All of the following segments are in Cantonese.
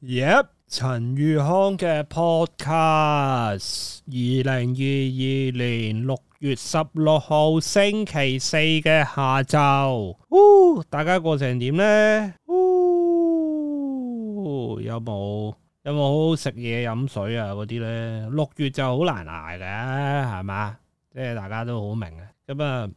Yep，陳如康嘅 podcast，二零二二年六月十六號星期四嘅下晝，大家過成點呢？有冇有冇好好食嘢、飲水啊嗰啲呢，六月就好難捱嘅，係嘛？即係大家都好明嘅，咁、嗯、啊。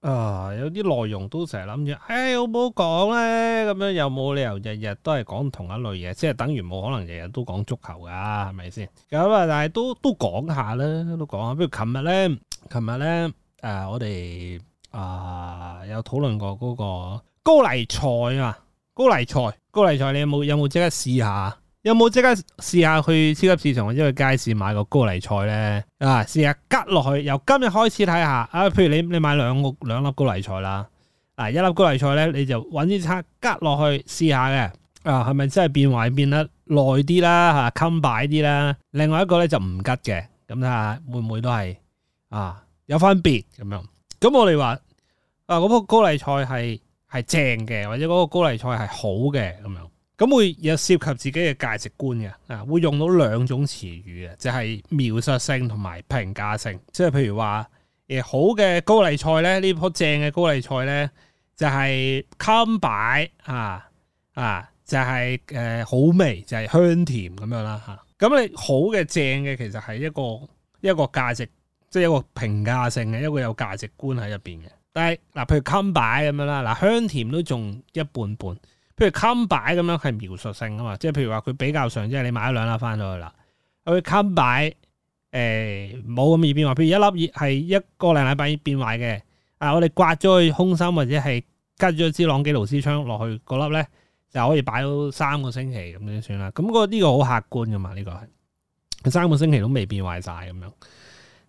啊，有啲內容都成日諗住，哎，我冇講咧，咁樣又冇理由日日都係講同一類嘢，即係等於冇可能日日都講足球噶，係咪先？咁啊，但係都都講下啦，都講下，下。比如琴日咧，琴日咧，誒、呃，我哋啊、呃，有討論過嗰個高麗菜啊，高麗菜，高麗菜，你有冇有冇即刻試下？有冇即刻試下去超級市場或者去街市買個高麗菜咧？啊，試下拮落去，由今日開始睇下。啊，譬如你你買兩個兩粒高麗菜啦，嗱、啊、一粒高麗菜咧，你就揾啲叉拮落去試下嘅。啊，係咪真係變壞變得耐啲啦？嚇、啊，襟擺啲啦。另外一個咧就唔拮嘅，咁睇下會唔會都係啊有分別咁樣。咁我哋話啊嗰棵高麗菜係係正嘅，或者嗰個高麗菜係好嘅咁樣。咁會有涉及自己嘅價值觀嘅，啊，會用到兩種詞語嘅，就係、是、描述性同埋評價性，即係譬如話，誒、呃、好嘅高麗菜咧，呢棵正嘅高麗菜咧，就係襟擺，啊啊，就係、是、誒、呃、好味，就係、是、香甜咁樣啦嚇。咁、啊、你好嘅正嘅，其實係一個一個價值，即係一個評價性嘅，一個有價值觀喺入邊嘅。但係嗱、啊，譬如襟擺咁樣啦，嗱、啊、香甜都仲一半半。譬如襟擺咁樣係描述性啊嘛，即係譬如話佢比較上，即係你買咗兩粒翻咗去啦，佢襟擺冇咁易變壞。譬如一粒已係一個零禮拜已變壞嘅，啊，我哋刮咗佢空心或者係加咗支朗基勞斯槍落去嗰粒咧，就可以擺到三個星期咁樣算啦。咁、個呢個好客觀噶嘛，呢、呢個係三個星期都未變壞晒咁樣。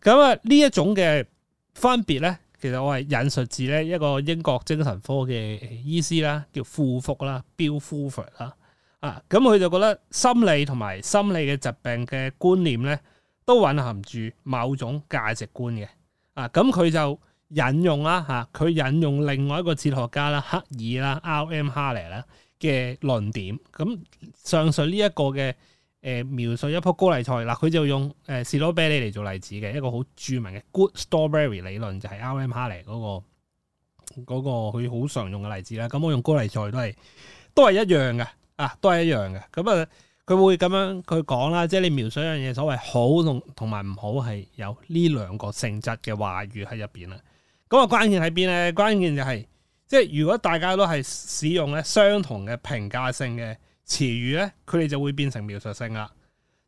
咁啊呢一種嘅分別咧。其實我係引述自咧一個英國精神科嘅醫師啦，叫富福啦，Bill Fulford 啦，啊，咁、嗯、佢就覺得心理同埋心理嘅疾病嘅觀念咧，都蘊含住某種價值觀嘅，啊，咁、嗯、佢就引用啦，吓、啊，佢引用另外一個哲學家啦，克爾啦，R.M. 哈利啦嘅論點，咁、嗯、上述呢一個嘅。誒、呃、描述一樖高麗菜嗱，佢就用誒士多啤梨嚟做例子嘅，一個好著名嘅 good strawberry 理論就係、是、R. M. 哈利嗰個嗰、那個佢好常用嘅例子啦。咁我用高麗菜都係都係一樣嘅啊，都係一樣嘅。咁啊，佢會咁樣佢講啦，即係你描述一樣嘢，所謂好同同埋唔好係有呢兩個性質嘅話語喺入邊啦。咁啊，關鍵喺邊咧？關鍵就係、是、即係如果大家都係使用咧相同嘅評價性嘅。詞語咧，佢哋就會變成描述性啦。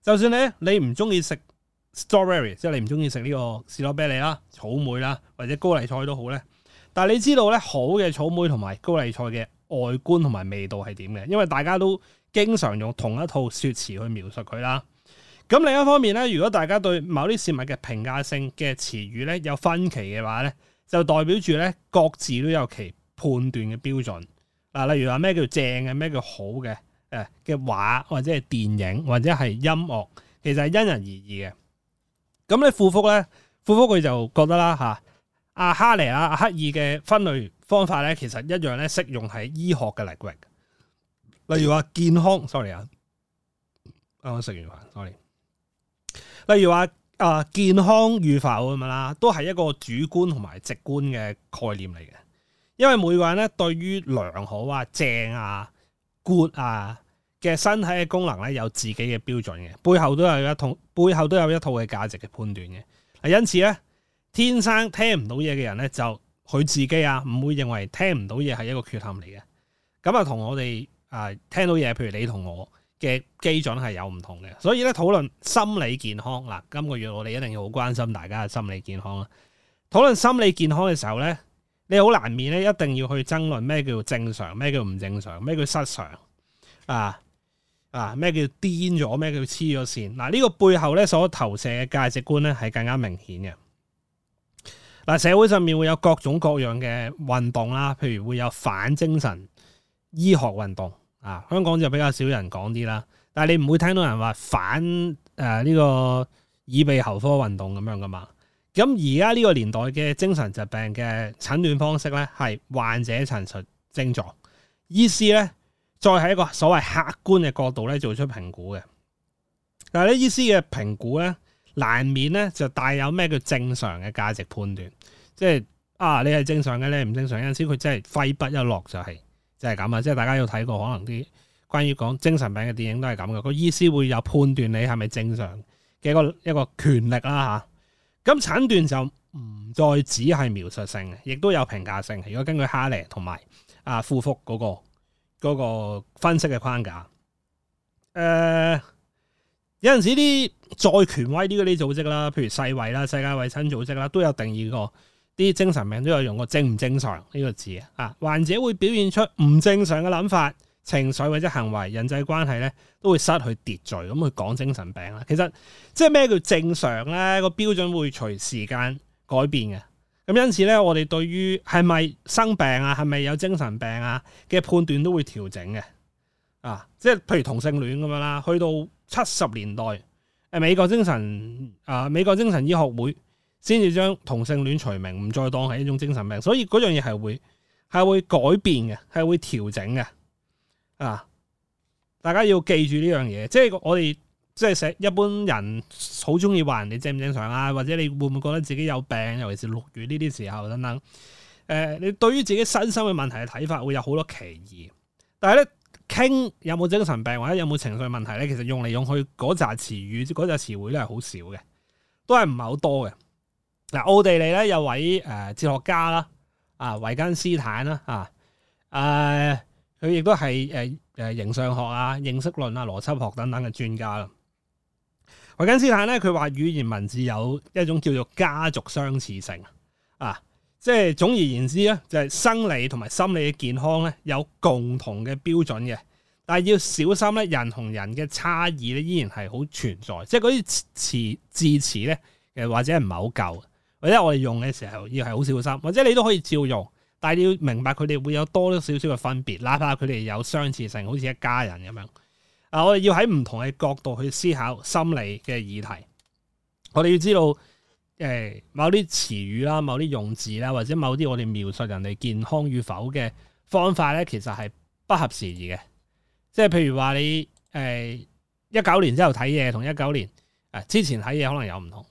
就算你咧，你唔中意食 strawberry，即係你唔中意食呢個士多啤梨啦、草莓啦或者高麗菜都好咧。但係你知道咧，好嘅草莓同埋高麗菜嘅外觀同埋味道係點嘅？因為大家都經常用同一套説詞去描述佢啦。咁另一方面咧，如果大家對某啲事物嘅評價性嘅詞語咧有分歧嘅話咧，就代表住咧各自都有其判斷嘅標準。嗱，例如話咩叫正嘅，咩叫好嘅。誒嘅畫或者係電影或者係音樂，其實係因人而異嘅。咁你庫福咧，庫福佢就覺得啦吓，阿、啊、哈利啊阿克爾嘅分類方法咧，其實一樣咧適用喺醫學嘅領域。例如話健康，sorry 啊，啱啱食完飯，sorry。例如話啊健康與否咁樣啦，都係一個主觀同埋直觀嘅概念嚟嘅，因為每個人咧對於良好啊正啊。good 啊嘅身體嘅功能咧，有自己嘅標準嘅，背後都有一套背後都有一套嘅價值嘅判斷嘅。嗱，因此咧，天生聽唔到嘢嘅人咧，就佢自己啊，唔會認為聽唔到嘢係一個缺陷嚟嘅。咁啊，同我哋啊聽到嘢，譬如你同我嘅基準係有唔同嘅。所以咧，討論心理健康嗱，今個月我哋一定要好關心大家嘅心理健康啦。討論心理健康嘅時候咧。你好難免咧，一定要去爭論咩叫正常，咩叫唔正常，咩叫失常啊啊？咩叫癲咗？咩叫黐咗線？嗱，呢個背後咧所投射嘅價值觀咧係更加明顯嘅。嗱，社會上面會有各種各樣嘅運動啦，譬如會有反精神醫學運動啊，香港就比較少人講啲啦，但係你唔會聽到人話反誒呢個耳鼻喉科運動咁樣噶嘛。咁而家呢個年代嘅精神疾病嘅診斷方式咧，係患者陳述症狀，醫師咧再喺一個所謂客觀嘅角度咧做出評估嘅。但係呢，醫師嘅評估咧，難免咧就帶有咩叫正常嘅價值判斷，即係啊，你係正常嘅咧，唔正常。有陣時佢真係揮筆一落就係即係咁啊！即係大家有睇過可能啲關於講精神病嘅電影都係咁嘅，個醫師會有判斷你係咪正常嘅一個一個權力啦、啊、吓。咁、嗯、診斷就唔再只係描述性嘅，亦都有評價性。如果根據哈尼同埋啊庫福嗰個嗰個分析嘅框架，誒、呃、有陣時啲再權威啲啲組織啦，譬如世衛啦、世界衞生組織啦，都有定義過啲精神病都有用過正唔正常呢個字啊，患者會表現出唔正常嘅諗法。情緒或者行為、人際關係咧，都會失去秩序，咁去講精神病啦。其實即係咩叫正常咧？個標準會隨時間改變嘅。咁因此咧，我哋對於係咪生病啊，係咪有精神病啊嘅判斷都會調整嘅。啊，即係譬如同性戀咁樣啦，去到七十年代，誒美國精神啊美國精神醫學會先至將同性戀除名，唔再當係一種精神病。所以嗰樣嘢係會係會改變嘅，係會調整嘅。啊！大家要記住呢樣嘢，即係我哋即係成一般人好中意話人哋正唔正常啊，或者你會唔會覺得自己有病？尤其是六月呢啲時候等等，誒、呃，你對於自己身心嘅問題嘅睇法會有好多歧異。但係咧，傾有冇精神病或者有冇情緒問題咧，其實用嚟用去嗰扎詞語，嗰扎詞彙都係好少嘅，都係唔係好多嘅。嗱、呃，奧地利咧有位誒、呃、哲學家啦，啊，維根斯坦啦，啊，誒、啊。呃佢亦都係誒誒，形上學啊、認識論啊、邏輯學等等嘅專家啦。維根斯坦咧，佢話語言文字有一種叫做家族相似性啊，即係總而言之咧，就係、是、生理同埋心理嘅健康咧，有共同嘅標準嘅。但係要小心咧，人同人嘅差異咧，依然係好存在。即係嗰啲詞字詞咧，誒或者唔係好夠，或者我哋用嘅時候要係好小心，或者你都可以照用。但係你要明白佢哋會有多多少少嘅分別，哪怕佢哋有相似性，好似一家人咁樣。啊，我哋要喺唔同嘅角度去思考心理嘅議題。我哋要知道，誒某啲詞語啦、某啲用字啦，或者某啲我哋描述人哋健康與否嘅方法咧，其實係不合時宜嘅。即係譬如話，你誒一九年之後睇嘢，同一九年啊、呃、之前睇嘢可能有唔同。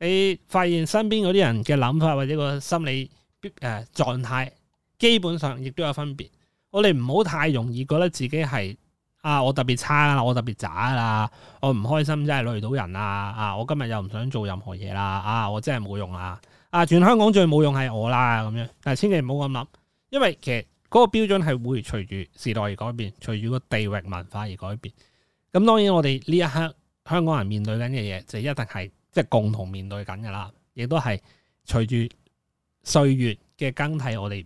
你發現身邊嗰啲人嘅諗法或者個心理。誒、呃、狀態基本上亦都有分別，我哋唔好太容易覺得自己係啊，我特別差啦，我特別渣啦，我唔開心真係累到人啊！啊，我今日又唔想做任何嘢啦！啊，我真係冇用啦！啊，全香港最冇用係我啦咁樣，但係千祈唔好咁諗，因為其實嗰個標準係會隨住時代而改變，隨住個地域文化而改變。咁當然我哋呢一刻香港人面對緊嘅嘢，就一定係即係共同面對緊㗎啦，亦都係隨住。歲月嘅更替，我哋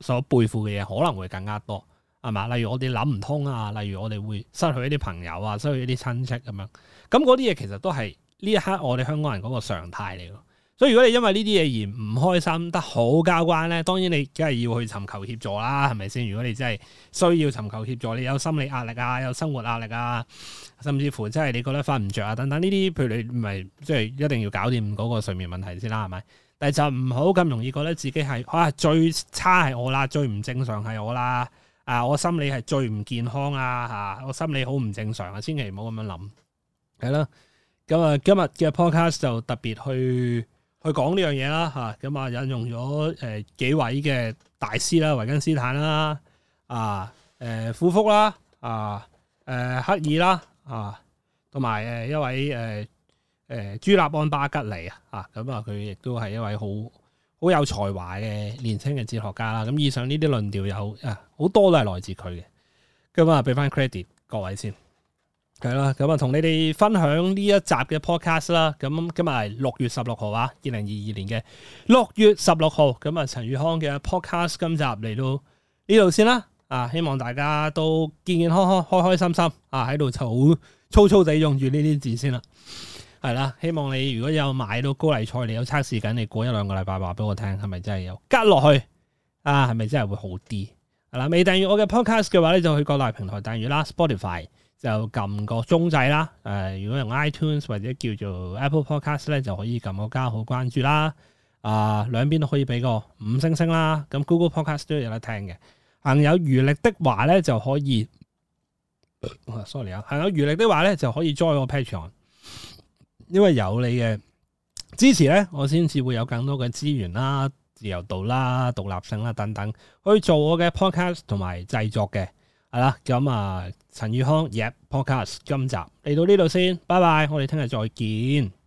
所背負嘅嘢可能會更加多，係嘛？例如我哋諗唔通啊，例如我哋會失去一啲朋友啊，失去一啲親戚咁樣，咁嗰啲嘢其實都係呢一刻我哋香港人嗰個常態嚟咯。所以如果你因為呢啲嘢而唔開心得好交關咧，當然你梗係要去尋求協助啦，係咪先？如果你真係需要尋求協助，你有心理壓力啊，有生活壓力啊，甚至乎真係你覺得瞓唔着啊，等等呢啲，譬如你唔係即係一定要搞掂嗰個睡眠問題先啦，係咪？但就唔好咁容易覺得自己係啊，最差係我啦，最唔正常係我啦，啊我心理係最唔健康啦嚇，我心理好唔、啊啊、正常啊，千祈唔好咁樣諗，係啦。咁、嗯、啊今日嘅 podcast 就特別去去講呢樣嘢啦嚇，咁啊，啊引用咗誒、呃、幾位嘅大師啦，維根斯坦啦，啊誒庫福啦，啊誒克爾啦，啊同埋誒一位誒。呃誒朱立安巴吉尼啊，嚇咁啊，佢亦都係一位好好有才華嘅年輕嘅哲學家啦。咁以上呢啲論調有啊好多都係來自佢嘅。咁啊，俾翻 credit 各位先，係啦。咁啊，同你哋分享呢一集嘅 podcast 啦。咁、yeah. ap ored ね 今日係六月十六號啊，二零二二年嘅六月十六號。咁啊，陳宇康嘅 podcast 今集嚟到呢度先啦。啊，希望大家都健健康康、開開心心啊，喺度就好粗粗地用住呢啲字先啦。係啦，希望你如果有買到高麗菜，你有測試緊，你過一兩個禮拜話俾我聽，係咪真係有加落去啊？係咪真係會好啲？係啦，未訂閱我嘅 Podcast 嘅話咧，就去各大平台訂閱啦。Spotify 就撳個鐘掣啦。誒、啊，如果用 iTunes 或者叫做 Apple Podcast 咧，就可以撳個加好關注啦。啊，兩邊都可以俾個五星星啦。咁 Google Podcast 都有得聽嘅。行有餘力的話咧，就可以 sorry 啊，行有餘力的話咧，就可以 join 我 Patreon。因為有你嘅支持咧，我先至會有更多嘅資源啦、自由度啦、獨立性啦等等，去做我嘅 podcast 同埋製作嘅，係啦。咁啊，陳宇康 y、yeah, 嘅 podcast 今集嚟到呢度先，拜拜，我哋聽日再見。